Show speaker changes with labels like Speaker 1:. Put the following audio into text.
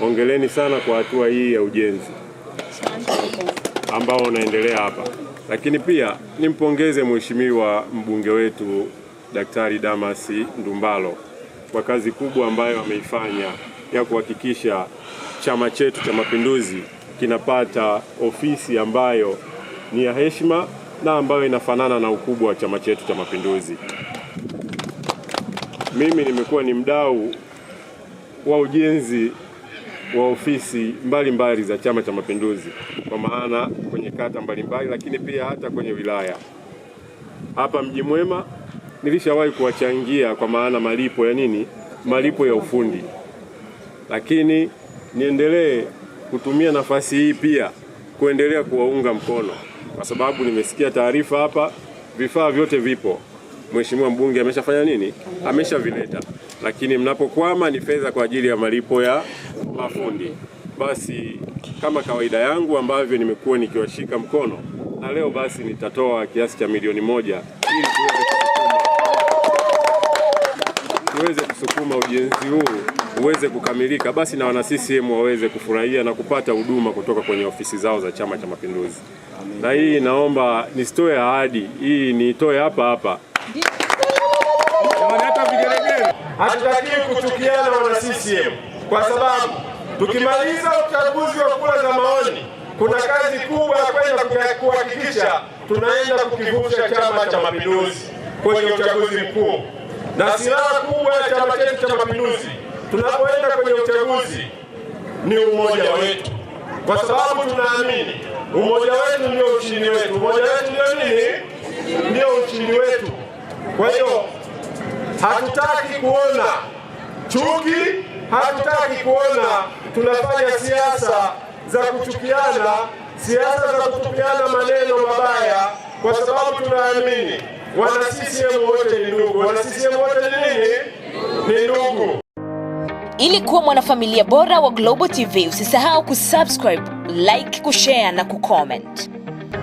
Speaker 1: Hongereni sana kwa hatua hii ya ujenzi ambao unaendelea hapa, lakini pia nimpongeze mheshimiwa mbunge wetu Daktari Damasi Ndumbalo kwa kazi kubwa ambayo ameifanya ya kuhakikisha chama chetu cha Mapinduzi kinapata ofisi ambayo ni ya heshima na ambayo inafanana na ukubwa wa chama chetu cha Mapinduzi. Mimi nimekuwa ni mdau wa ujenzi wa ofisi mbalimbali za Chama cha Mapinduzi, kwa maana kwenye kata mbalimbali, lakini pia hata kwenye wilaya. Hapa Mji Mwema nilishawahi kuwachangia kwa maana malipo ya nini, malipo ya ufundi, lakini niendelee kutumia nafasi hii pia kuendelea kuwaunga mkono, kwa sababu nimesikia taarifa hapa, vifaa vyote vipo mheshimiwa mbunge ameshafanya nini, ameshavileta, lakini mnapokwama ni fedha kwa ajili ya malipo ya mafundi. Basi kama kawaida yangu ambavyo nimekuwa nikiwashika mkono, na leo basi nitatoa kiasi cha milioni moja ili tuweze kusukuma ujenzi huu uweze kukamilika, basi na wana CCM waweze kufurahia na kupata huduma kutoka kwenye ofisi zao za Chama cha Mapinduzi. Na hii naomba nisitoe ahadi, hii niitoe hapa hapa.
Speaker 2: Hatutaki kuchukiana wana CCM kwa sababu tukimaliza uchaguzi wa kura za maoni, kuna kazi kubwa ya kwenda kuhakikisha tunaenda kukivusha Chama cha Mapinduzi kwenye uchaguzi mkuu, na silaha kubwa ya chama chetu cha Mapinduzi tunapoenda kwenye uchaguzi ni umoja wetu, kwa sababu tunaamini umoja wetu ndio ushindi wetu. Umoja wetu ndio nini? Ndio ushindi wetu. Kwa hiyo hatutaki kuona chuki, hatutaki kuona tunafanya siasa za kuchukiana, siasa za kutupiana maneno mabaya, kwa sababu tunaamini wana CCM wote ni ndugu, wana CCM wote ni nini? Ni ndugu. Ili kuwa mwanafamilia bora wa Global TV, usisahau kusubscribe, like, kushare na kucomment.